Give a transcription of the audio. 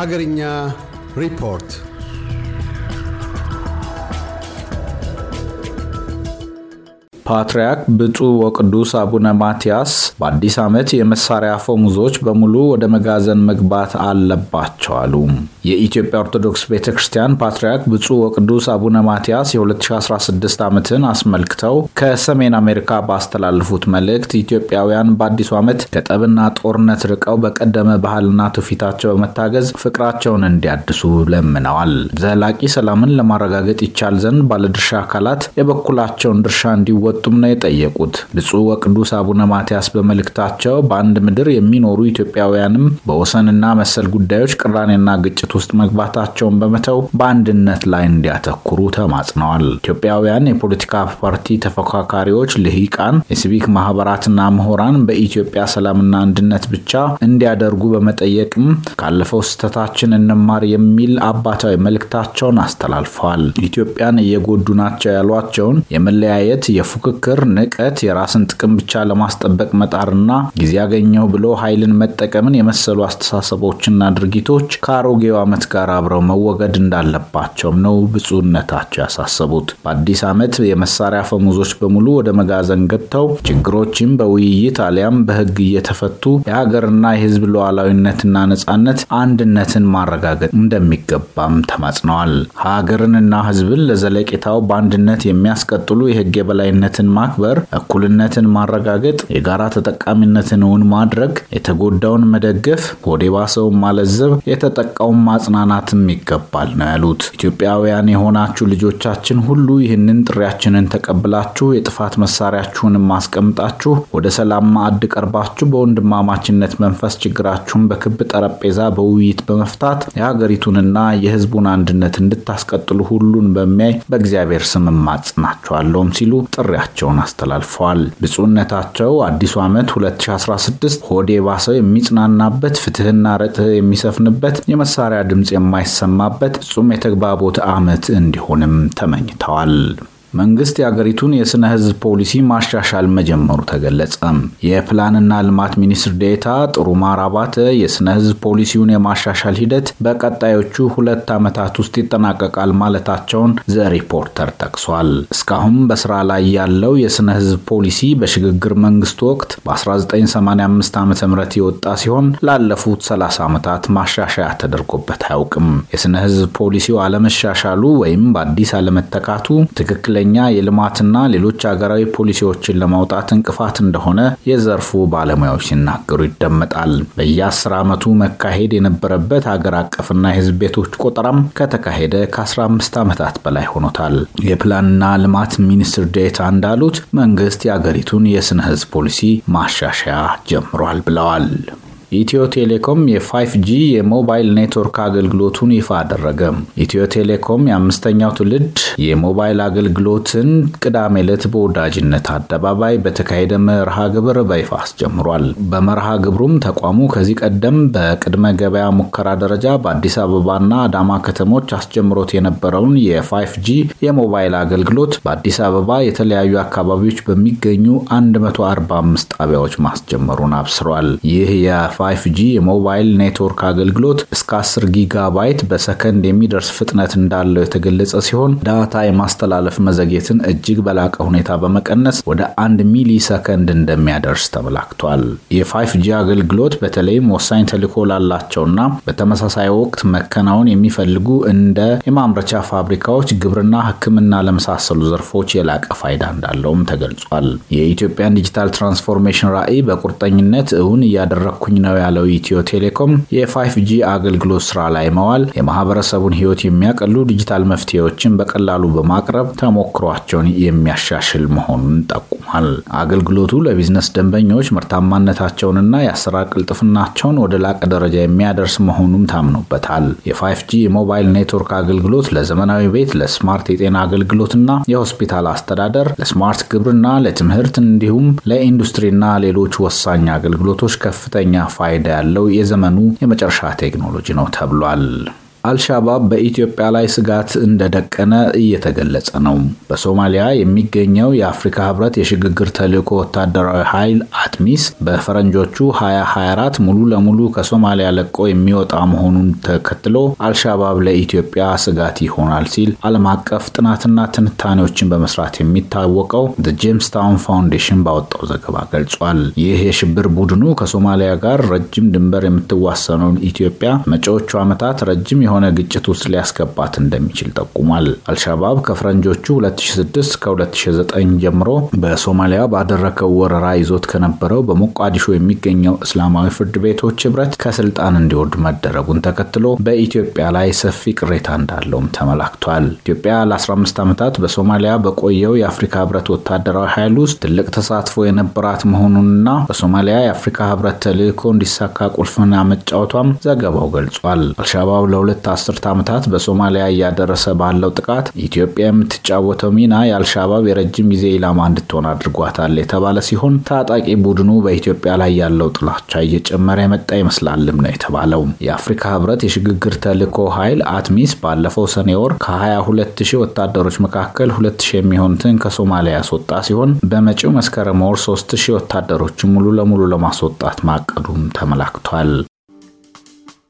Hagernya Report ፓትርያርክ ብፁዕ ወቅዱስ አቡነ ማቲያስ በአዲስ ዓመት የመሳሪያ ፈሙዞች በሙሉ ወደ መጋዘን መግባት አለባቸው አሉ። የኢትዮጵያ ኦርቶዶክስ ቤተ ክርስቲያን ፓትርያርክ ብፁዕ ወቅዱስ አቡነ ማቲያስ የ2016 ዓመትን አስመልክተው ከሰሜን አሜሪካ ባስተላለፉት መልእክት ኢትዮጵያውያን በአዲሱ ዓመት ከጠብና ጦርነት ርቀው በቀደመ ባህልና ትውፊታቸው በመታገዝ ፍቅራቸውን እንዲያድሱ ለምነዋል። ዘላቂ ሰላምን ለማረጋገጥ ይቻል ዘንድ ባለድርሻ አካላት የበኩላቸውን ድርሻ እንዲወጡ እንዲወጡም ነው የጠየቁት። ብፁዕ ወቅዱስ አቡነ ማትያስ በመልእክታቸው በአንድ ምድር የሚኖሩ ኢትዮጵያውያንም በወሰንና መሰል ጉዳዮች ቅራኔና ግጭት ውስጥ መግባታቸውን በመተው በአንድነት ላይ እንዲያተኩሩ ተማጽነዋል። ኢትዮጵያውያን የፖለቲካ ፓርቲ ተፎካካሪዎች፣ ልሂቃን፣ የሲቪክ ማህበራትና ምሁራን በኢትዮጵያ ሰላምና አንድነት ብቻ እንዲያደርጉ በመጠየቅም ካለፈው ስህተታችን እንማር የሚል አባታዊ መልእክታቸውን አስተላልፈዋል። ኢትዮጵያን እየጎዱ ናቸው ያሏቸውን የመለያየት የፉክ ፉክክር፣ ንቀት፣ የራስን ጥቅም ብቻ ለማስጠበቅ መጣርና ጊዜ ያገኘው ብሎ ኃይልን መጠቀምን የመሰሉ አስተሳሰቦችና ድርጊቶች ከአሮጌው ዓመት ጋር አብረው መወገድ እንዳለባቸውም ነው ብፁዕነታቸው ያሳሰቡት። በአዲስ ዓመት የመሳሪያ ፈሙዞች በሙሉ ወደ መጋዘን ገብተው ችግሮችም በውይይት አሊያም በሕግ እየተፈቱ የሀገርና የሕዝብ ሉዓላዊነትና ነጻነት አንድነትን ማረጋገጥ እንደሚገባም ተማጽነዋል። ሀገርንና ሕዝብን ለዘለቄታው በአንድነት የሚያስቀጥሉ የሕግ የበላይነት እኩልነትን ማክበር፣ እኩልነትን ማረጋገጥ፣ የጋራ ተጠቃሚነትን እውን ማድረግ፣ የተጎዳውን መደገፍ፣ ሆድ የባሰውን ማለዘብ፣ የተጠቃውን ማጽናናትም ይገባል ነው ያሉት። ኢትዮጵያውያን የሆናችሁ ልጆቻችን ሁሉ ይህንን ጥሪያችንን ተቀብላችሁ የጥፋት መሳሪያችሁንም ማስቀምጣችሁ ወደ ሰላም ማዕድ ቀርባችሁ በወንድማማችነት መንፈስ ችግራችሁን በክብ ጠረጴዛ በውይይት በመፍታት የሀገሪቱንና የህዝቡን አንድነት እንድታስቀጥሉ ሁሉን በሚያይ በእግዚአብሔር ስም ማጽናችኋለሁም ሲሉ ጥሪ ጥሪያቸውን አስተላልፈዋል። ብፁዕነታቸው አዲሱ ዓመት 2016 ሆዴ ባሰው የሚጽናናበት፣ ፍትህና ርትዕ የሚሰፍንበት፣ የመሳሪያ ድምፅ የማይሰማበት ፍጹም የተግባቦት ዓመት እንዲሆንም ተመኝተዋል። መንግስት የአገሪቱን የስነ ህዝብ ፖሊሲ ማሻሻል መጀመሩ ተገለጸ። የፕላንና ልማት ሚኒስትር ዴታ ጥሩ አባተ የስነ ህዝብ ፖሊሲውን የማሻሻል ሂደት በቀጣዮቹ ሁለት ዓመታት ውስጥ ይጠናቀቃል ማለታቸውን ዘ ሪፖርተር ጠቅሷል። እስካሁን በስራ ላይ ያለው የስነ ህዝብ ፖሊሲ በሽግግር መንግስት ወቅት በ1985 ዓ ም የወጣ ሲሆን ላለፉት 30 ዓመታት ማሻሻያ ተደርጎበት አያውቅም። የስነ ህዝብ ፖሊሲው አለመሻሻሉ ወይም በአዲስ አለመተካቱ ትክክለ ለእኛ የልማትና ሌሎች ሀገራዊ ፖሊሲዎችን ለማውጣት እንቅፋት እንደሆነ የዘርፉ ባለሙያዎች ሲናገሩ ይደመጣል። በየአስር ዓመቱ መካሄድ የነበረበት ሀገር አቀፍና የህዝብ ቤቶች ቆጠራም ከተካሄደ ከ15 ዓመታት በላይ ሆኖታል። የፕላንና ልማት ሚኒስትር ዴታ እንዳሉት መንግስት የአገሪቱን የስነ ህዝብ ፖሊሲ ማሻሻያ ጀምሯል ብለዋል። ኢትዮ ቴሌኮም የፋይፍ ጂ የሞባይል ኔትወርክ አገልግሎቱን ይፋ አደረገ። ኢትዮ ቴሌኮም የአምስተኛው ትውልድ የሞባይል አገልግሎትን ቅዳሜ ዕለት በወዳጅነት አደባባይ በተካሄደ መርሃ ግብር በይፋ አስጀምሯል። በመርሃ ግብሩም ተቋሙ ከዚህ ቀደም በቅድመ ገበያ ሙከራ ደረጃ በአዲስ አበባና አዳማ ከተሞች አስጀምሮት የነበረውን የፋይፍ ጂ የሞባይል አገልግሎት በአዲስ አበባ የተለያዩ አካባቢዎች በሚገኙ 145 ጣቢያዎች ማስጀመሩን አብስሯል። ይህ 5G የሞባይል ኔትወርክ አገልግሎት እስከ 10 ጊጋባይት በሰከንድ የሚደርስ ፍጥነት እንዳለው የተገለጸ ሲሆን ዳታ የማስተላለፍ መዘግየትን እጅግ በላቀ ሁኔታ በመቀነስ ወደ አንድ ሚሊ ሰከንድ እንደሚያደርስ ተመላክቷል። የ5G አገልግሎት በተለይም ወሳኝ ተልዕኮ ላላቸውና በተመሳሳይ ወቅት መከናወን የሚፈልጉ እንደ የማምረቻ ፋብሪካዎች፣ ግብርና፣ ሕክምና ለመሳሰሉ ዘርፎች የላቀ ፋይዳ እንዳለውም ተገልጿል። የኢትዮጵያን ዲጂታል ትራንስፎርሜሽን ራዕይ በቁርጠኝነት እውን እያደረግኩኝ ነው ነው ያለው ኢትዮ ቴሌኮም የፋይፍ ጂ አገልግሎት ስራ ላይ መዋል የማህበረሰቡን ህይወት የሚያቀሉ ዲጂታል መፍትሄዎችን በቀላሉ በማቅረብ ተሞክሯቸውን የሚያሻሽል መሆኑን ጠቁሟል። አገልግሎቱ ለቢዝነስ ደንበኞች ምርታማነታቸውንና የአሰራር ቅልጥፍናቸውን ወደ ላቀ ደረጃ የሚያደርስ መሆኑም ታምኖበታል። 5 ጂ የሞባይል ኔትወርክ አገልግሎት ለዘመናዊ ቤት፣ ለስማርት የጤና አገልግሎትና የሆስፒታል አስተዳደር፣ ለስማርት ግብርና፣ ለትምህርት እንዲሁም ለኢንዱስትሪና ሌሎች ወሳኝ አገልግሎቶች ከፍተኛ ፋይዳ ያለው የዘመኑ የመጨረሻ ቴክኖሎጂ ነው ተብሏል። አልሻባብ በኢትዮጵያ ላይ ስጋት እንደደቀነ እየተገለጸ ነው። በሶማሊያ የሚገኘው የአፍሪካ ህብረት የሽግግር ተልዕኮ ወታደራዊ ኃይል አትሚስ በፈረንጆቹ 2024 ሙሉ ለሙሉ ከሶማሊያ ለቆ የሚወጣ መሆኑን ተከትሎ አልሻባብ ለኢትዮጵያ ስጋት ይሆናል ሲል ዓለም አቀፍ ጥናትና ትንታኔዎችን በመስራት የሚታወቀው ጄምስታውን ፋውንዴሽን ባወጣው ዘገባ ገልጿል። ይህ የሽብር ቡድኑ ከሶማሊያ ጋር ረጅም ድንበር የምትዋሰነውን ኢትዮጵያ መጪዎቹ ዓመታት ረጅም የሆነ ግጭት ውስጥ ሊያስገባት እንደሚችል ጠቁሟል። አልሻባብ ከፈረንጆቹ 2006 ከ2009 ጀምሮ በሶማሊያ ባደረገው ወረራ ይዞት ከነበረው በሞቃዲሾ የሚገኘው እስላማዊ ፍርድ ቤቶች ህብረት ከስልጣን እንዲወርድ መደረጉን ተከትሎ በኢትዮጵያ ላይ ሰፊ ቅሬታ እንዳለውም ተመላክቷል። ኢትዮጵያ ለ15 ዓመታት በሶማሊያ በቆየው የአፍሪካ ህብረት ወታደራዊ ኃይል ውስጥ ትልቅ ተሳትፎ የነበራት መሆኑንና በሶማሊያ የአፍሪካ ህብረት ተልእኮ እንዲሳካ ቁልፍና መጫወቷም ዘገባው ገልጿል። አልሻባብ ለሁለት ሁለት አስርት ዓመታት በሶማሊያ እያደረሰ ባለው ጥቃት ኢትዮጵያ የምትጫወተው ሚና የአልሻባብ የረጅም ጊዜ ኢላማ እንድትሆን አድርጓታል የተባለ ሲሆን ታጣቂ ቡድኑ በኢትዮጵያ ላይ ያለው ጥላቻ እየጨመረ የመጣ ይመስላልም ነው የተባለው። የአፍሪካ ህብረት የሽግግር ተልዕኮ ኃይል አትሚስ ባለፈው ሰኔ ወር ከ22 ሺህ ወታደሮች መካከል 2 ሺህ የሚሆኑትን ከሶማሊያ ያስወጣ ሲሆን በመጪው መስከረም ወር 3 ሺህ ወታደሮችን ሙሉ ለሙሉ ለማስወጣት ማቀዱም ተመላክቷል።